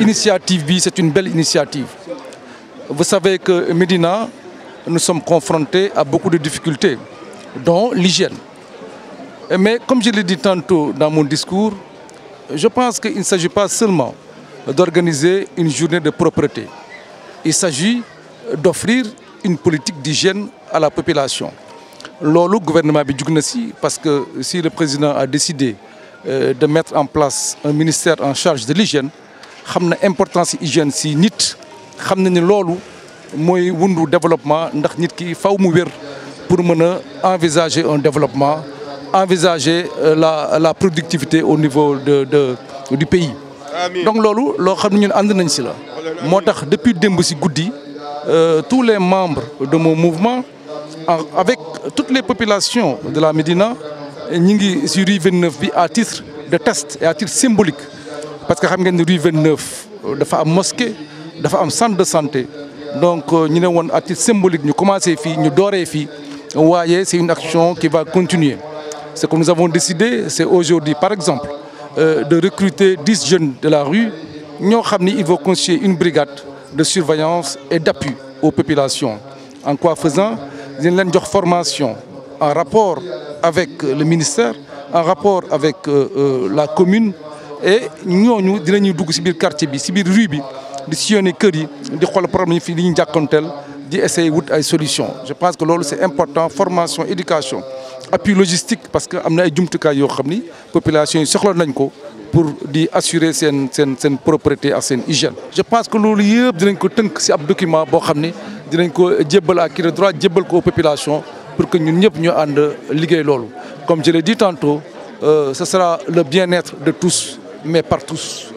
initiative bi c'est une belle initiative. Vous savez que Médina, nous sommes confrontés à beaucoup de difficultés, dont l'hygiène. Mais comme je l'ai dit tantôt dans mon discours, je pense qu'il ne s'agit pas seulement d'organiser une journée de propreté. Il s'agit d'offrir une politique d'hygiène à la population. Le gouvernement parce que si le président a décidé euh, de mettre en place un ministère en charge de l'hygiène, xamna une importance hygiène si nit xamna ni développement ndax nit ki mu pour envisager un développement envisager euh, la productivité au niveau de du pays. donc nous lo xamni ñun depuis ci goudi, euh, tous les membres de mon mouvement avec toutes les populations de la Médina nous ngi une 29 à titre de test et à titre symbolique parce que xam avons une rue 29 dafa une mosquée dafa un centre de santé donc nous avons un un symbolique nous commencé nous ñu ici. c'est une action qui va continuer ce que nous avons décidé c'est aujourd'hui par exemple euh, de recruter 10 jeunes de la rue Nous avons dit, il faut constituer une brigade de surveillance et d'appui aux populations en quoi faisant une avons une formation en rapport avec euh, le ministère en rapport avec euh, la commune et ñooñu dinañuy dugg si biir quartier bi si biir rue bi di sillonner kër yi di xool problème yi fii li ñu jàkkoonteel di essayer wut ay solution je pense que loolu c'est important formation éducation appui logistique parce que am na ay jumtukaay yoo xam ni population yi soxla nañ ko pour di assurer seen seen seen propreté ak seen hygiène. je pense que loolu yëpp dinañ ko tënk si ab document boo xam ni dinañ ko jébbal à qui de droit jébbal ko population pour que ñun ñëpp ñu ànd liggéey loolu comme je l'ai dit tantôt euh, ce sera le bien-être de tous mais par tous